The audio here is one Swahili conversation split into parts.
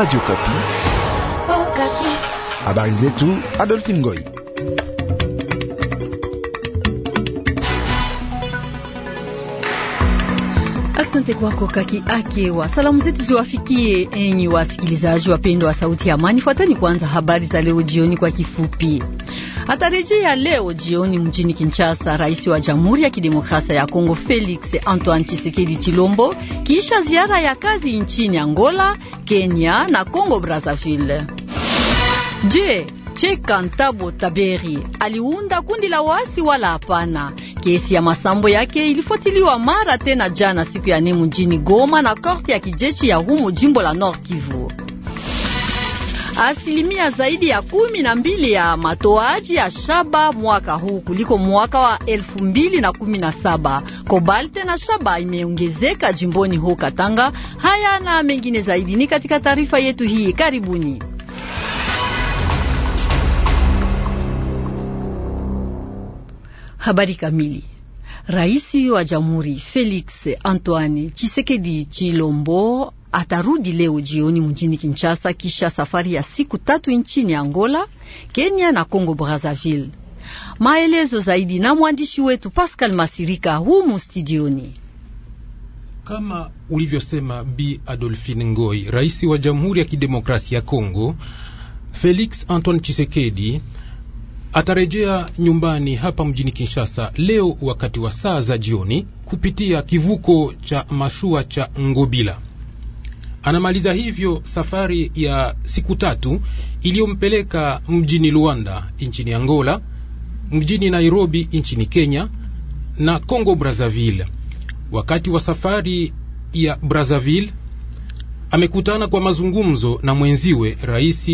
Radio Kapi. Oh, Kapi. Habari zetu Adolphe Ngoy. Asante kwako kaki akewa. Salamu zetu ziwafikie enyi wasikilizaji wapendwa wa Sauti ya Amani. Fuatani kwanza habari za leo jioni kwa kifupi atarejea leo jioni mjini Kinshasa. Rais wa Jamhuri ya Kidemokrasia ya Kongo Felix Antoine Tshisekedi Chilombo kisha ziara ya kazi nchini Angola, Kenya na Kongo Brazzaville. Je, Cheka Ntabo Taberi aliunda kundi la waasi wala hapana? Kesi ya masambo yake ilifuatiliwa mara tena jana siku ya nne mjini Goma na korti ya kijeshi ya humo jimbo la Nord Kivu asilimia zaidi ya kumi na mbili ya matoaji ya shaba mwaka huu kuliko mwaka wa elfu mbili na kumi na saba. Kobalte na shaba imeongezeka jimboni huu Katanga. Haya na mengine zaidi ni katika taarifa yetu hii, karibuni. Habari kamili. Rais wa Jamhuri Felix Antoine Chisekedi Chilombo atarudi leo jioni mjini Kinshasa kisha safari ya siku tatu nchini Angola, Kenya na Kongo Brazzaville. Maelezo zaidi na mwandishi wetu Pascal Masirika humu studioni. Kama ulivyosema Bi Adolphine Ngoi, rais wa Jamhuri ya Kidemokrasia ya Kongo Felix Antoine chisekedi atarejea nyumbani hapa mjini Kinshasa leo wakati wa saa za jioni kupitia kivuko cha mashua cha Ngobila. Anamaliza hivyo safari ya siku tatu iliyompeleka mjini Luanda nchini Angola, mjini Nairobi nchini Kenya na Congo Brazzaville. Wakati wa safari ya Brazzaville amekutana kwa mazungumzo na mwenziwe Rais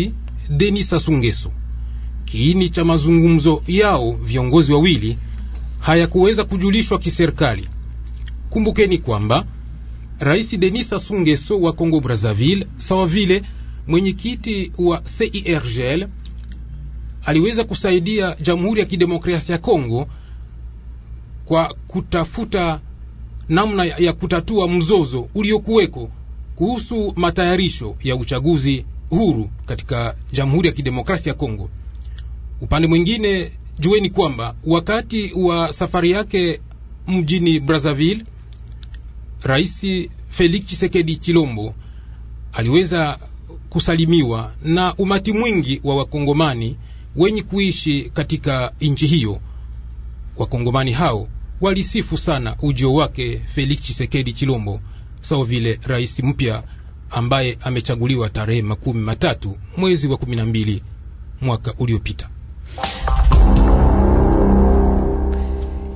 Denis Sassou Nguesso. Kiini cha mazungumzo yao viongozi wawili hayakuweza kujulishwa kiserikali. Kumbukeni kwamba Rais Denis Sassou Nguesso wa Kongo Brazzaville, sawa vile mwenyekiti wa CIRGL aliweza kusaidia Jamhuri ya Kidemokrasia ya Kongo kwa kutafuta namna ya kutatua mzozo uliokuweko kuhusu matayarisho ya uchaguzi huru katika Jamhuri ya Kidemokrasia ya Kongo. Upande mwingine, jueni kwamba wakati wa safari yake mjini Brazzaville Rais Felix Chisekedi Chilombo aliweza kusalimiwa na umati mwingi wa wakongomani wenye kuishi katika nchi hiyo. Wakongomani hao walisifu sana ujio wake Felix Chisekedi Chilombo sawa vile rais mpya ambaye amechaguliwa tarehe makumi matatu mwezi wa kumi na mbili mwaka uliopita.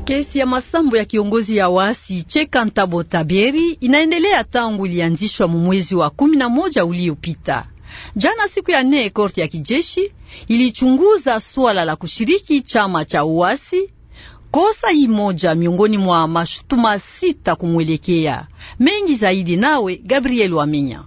Kesi ya masambo ya kiongozi ya wasi Cheka Ntabo Taberi inaendelea tangu ilianzishwa mu mwezi wa kumi na moja uliopita. Jana siku ya nne, korti ya kijeshi ilichunguza swala la kushiriki chama cha uasi, kosa hii moja miongoni mwa mashutuma sita kumwelekea. Mengi zaidi nawe Gabriel Waminya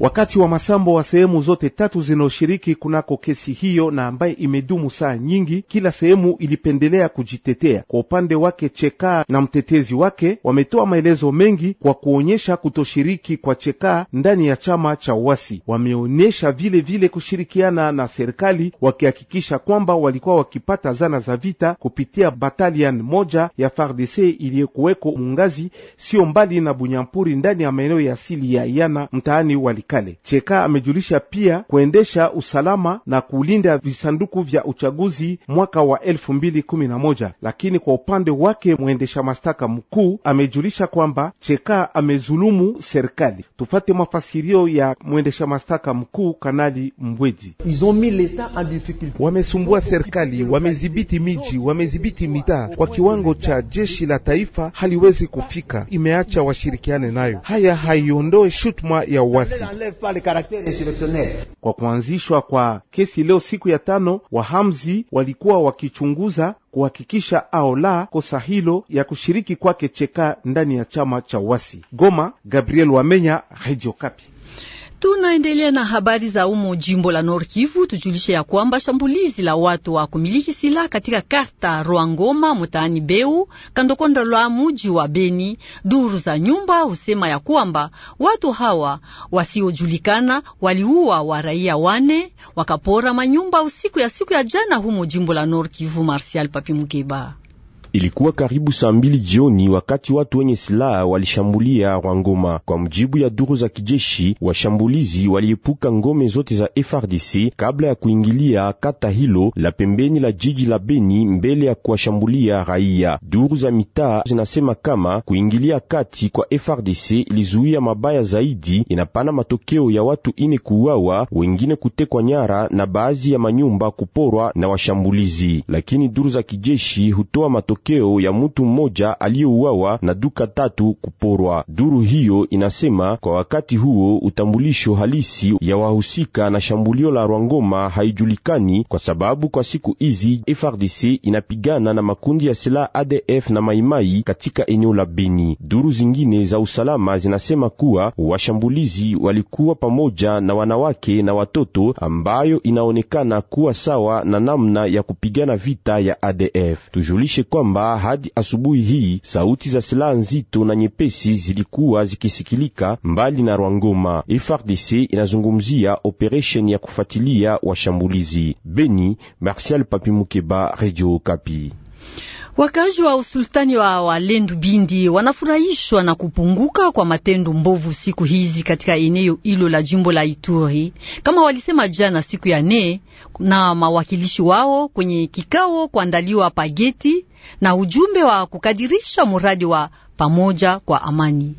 wakati wa masambo wa sehemu zote tatu zinaoshiriki kunako kesi hiyo na ambaye imedumu saa nyingi, kila sehemu ilipendelea kujitetea kwa upande wake. Chekaa na mtetezi wake wametoa maelezo mengi kwa kuonyesha kutoshiriki kwa Chekaa ndani ya chama cha uasi. Wameonyesha vile vile kushirikiana na serikali wakihakikisha kwamba walikuwa wakipata zana za vita kupitia batalion moja ya FARDC iliyokuweko Mungazi, sio mbali na Bunyampuri, ndani ya maeneo ya asili ya Yana mtaani wali kale. Cheka amejulisha pia kuendesha usalama na kulinda visanduku vya uchaguzi mwaka wa elfu mbili kumi na moja. Lakini kwa upande wake mwendesha mashtaka mkuu amejulisha kwamba Cheka amezulumu serikali. Tufate mafasirio ya mwendesha mashtaka mkuu Kanali Mbweji. Wamesumbua serikali, wamezibiti miji, wamezibiti mitaa kwa kiwango cha jeshi la taifa haliwezi kufika, imeacha washirikiane nayo. Haya haiondoe shutuma ya uasi. Kwa kuanzishwa kwa kesi leo siku ya tano, wahamzi walikuwa wakichunguza kuhakikisha ao la kosa hilo ya kushiriki kwake Cheka ndani ya chama cha uwasi Goma, Gabriel Wamenya, Radio Okapi. Tunaendelea na habari za umo jimbo la Nord Kivu. Tujulishe ya kwamba shambulizi la watu wa kumiliki silaha katika karta Rwangoma mutaani Beu kandokondo lwa muji wa Beni, duru za nyumba husema ya kwamba watu hawa wasiojulikana waliua wa raia wane wakapora manyumba usiku ya siku ya jana humo jimbo la Nord Kivu. Marsial Papi Mukeba Ilikuwa karibu saa mbili jioni wakati watu wenye silaha walishambulia Rwangoma. Kwa mujibu ya duru za kijeshi, washambulizi waliepuka ngome zote za FRDC kabla ya kuingilia kata hilo la pembeni la jiji la Beni mbele ya kuwashambulia raia. Duru za mitaa zinasema kama kuingilia kati kwa FRDC ilizuia mabaya zaidi, inapana matokeo ya watu ine kuuawa, wengine kutekwa nyara na baadhi ya manyumba kuporwa na washambulizi, lakini duru za kijeshi hutoa matokeo matokeo ya mtu mmoja aliyeuawa na duka tatu kuporwa. Duru hiyo inasema kwa wakati huo utambulisho halisi ya wahusika na shambulio la Rwangoma haijulikani, kwa sababu kwa siku hizi FRDC inapigana na makundi ya silaha ADF na Maimai katika eneo la Beni. Duru zingine za usalama zinasema kuwa washambulizi walikuwa pamoja na wanawake na watoto, ambayo inaonekana kuwa sawa na namna ya kupigana vita ya ADF. Tujulishe kwamba kwamba hadi asubuhi hii sauti za silaha nzito na nyepesi zilikuwa zikisikilika mbali na Rwangoma. FARDC inazungumzia operation ya kufuatilia washambulizi. Beni, Martial Papimukeba, Radio Kapi. Wakazi wa usultani wa Walendu Bindi wanafurahishwa na kupunguka kwa matendo mbovu siku hizi katika eneo hilo la jimbo la Ituri, kama walisema jana siku ya nne na mawakilishi wao kwenye kikao kuandaliwa pageti na ujumbe wa kukadirisha muradi wa pamoja kwa amani.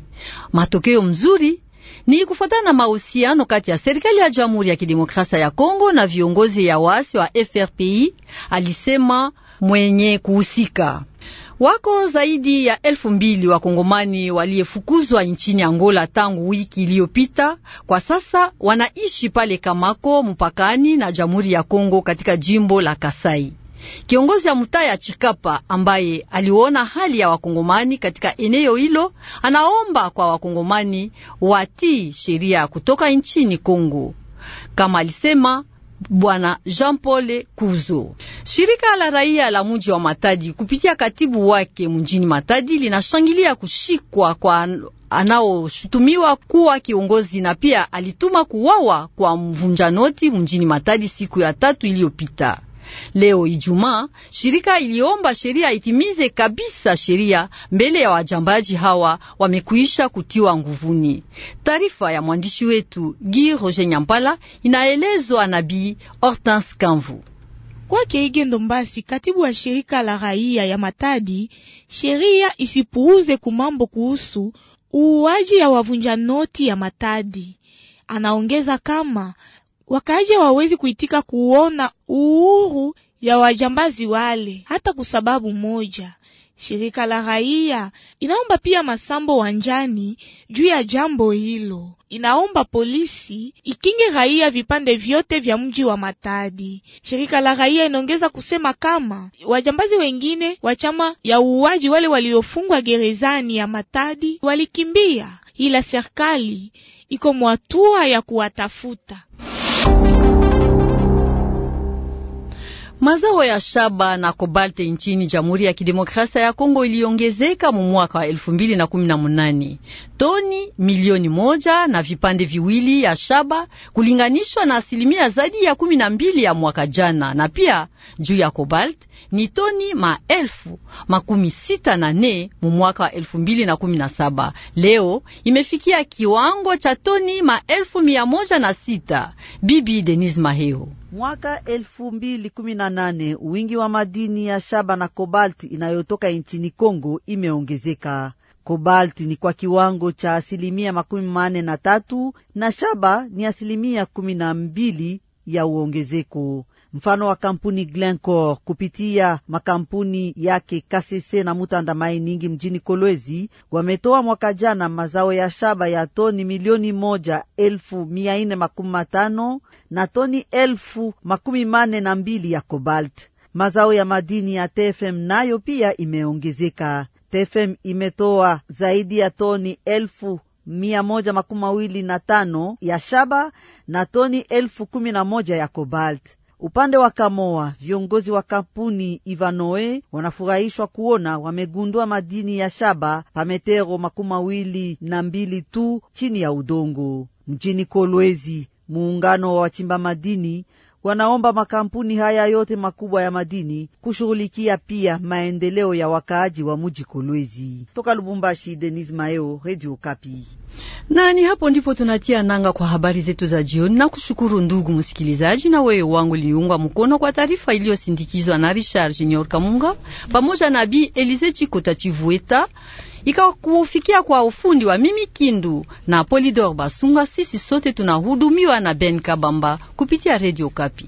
Matokeo mzuri ni kufuatana na mahusiano kati ya serikali ya Jamhuri ya Kidemokrasia ya Kongo na viongozi ya waasi wa FRPI, alisema mwenye kuhusika. Wako zaidi ya elfu mbili wakongomani waliyefukuzwa nchini Angola tangu wiki iliyopita. Kwa sasa wanaishi pale Kamako mpakani na Jamhuri ya Kongo katika jimbo la Kasai. Kiongozi ya mtaa ya Chikapa ambaye aliona hali ya wakongomani katika eneo hilo anaomba kwa wakongomani watii sheria kutoka nchini Kongo. Kama alisema Bwana Jean Paul Kuzo. Shirika la raia la mji wa Matadi kupitia katibu wake mjini Matadi linashangilia kushikwa kwa anaoshutumiwa kuwa kiongozi na pia alituma kuwawa kwa mvunja noti mjini Matadi siku ya tatu iliyopita. Leo Ijumaa, shirika iliomba sheria itimize kabisa sheria mbele ya wajambaji hawa wamekuisha kutiwa nguvuni. Taarifa ya mwandishi wetu Gi roje Nyampala inaelezwa na Bi Hortense Kamvu. Kwake Igendo mbasi katibu wa shirika la raia ya Matadi, sheria isipuuze kumambo kuhusu uuaji ya wavunja noti ya Matadi. Anaongeza kama Wakaaji wawezi kuitika kuona uhuru ya wajambazi wale hata kwa sababu moja. Shirika la raia inaomba pia masambo wanjani juu ya jambo hilo. Inaomba polisi ikinge raia vipande vyote vya mji wa Matadi. Shirika la raia inaongeza kusema kama wajambazi wengine wa chama ya uuaji wale waliofungwa gerezani ya Matadi walikimbia, ila serikali iko mwatua ya kuwatafuta. Mazao ya shaba na kobalti nchini Jamhuri ya Kidemokrasia ya Kongo iliongezeka mu mwaka wa 2018. Toni milioni moja na vipande viwili ya shaba kulinganishwa na asilimia zaidi ya 12 ya mwaka jana, na pia juu ya kobalti ni toni maelfu makumi sita na ne mu mwaka wa 2017. Leo imefikia kiwango cha toni maelfu mia moja na sita. Bibi Denise Maheo. Mwaka 2018 wingi wa madini ya shaba na kobalti inayotoka nchini Kongo imeongezeka. Kobalti ni kwa kiwango cha asilimia makumi manne na tatu na shaba ni asilimia kumi na mbili ya uongezeko mfano wa kampuni Glencore kupitia makampuni yake Kasese na Mutanda Mining mjini Kolwezi wametoa mwaka jana mazao ya shaba ya toni milioni moja elfu mia nne makumi matano na toni elfu makumi mane na mbili ya cobalt. Mazao ya madini ya TFM nayo pia imeongezeka. TFM imetoa zaidi ya toni elfu mia moja makumi mawili na tano ya shaba na toni elfu kumi na moja ya cobalt. Upande wa Kamoa, viongozi wa kampuni Ivanoe wanafurahishwa kuona wamegundua madini ya shaba pametero makumi mawili na mbili tu chini ya udongo. Mjini Kolwezi, muungano wa wachimba madini wanaomba makampuni haya yote makubwa ya madini kushughulikia pia maendeleo ya wakaaji wa muji Kolwezi. Toka Lubumbashi, Denis Maeo, Radio Kapi. ni hapo ndipo tunatia nanga kwa habari zetu za jioni, na kushukuru ndugu msikilizaji na wewe wangu liungwa mkono kwa taarifa iliyosindikizwa na Richard Junior Kamunga pamoja na Bi Elize Chikota Chivueta ikakufikia kwa ufundi wa Mimi Kindu na Polidor Basunga. Sisi sote tunahudumiwa na Ben Kabamba kupitia Radio Kapi.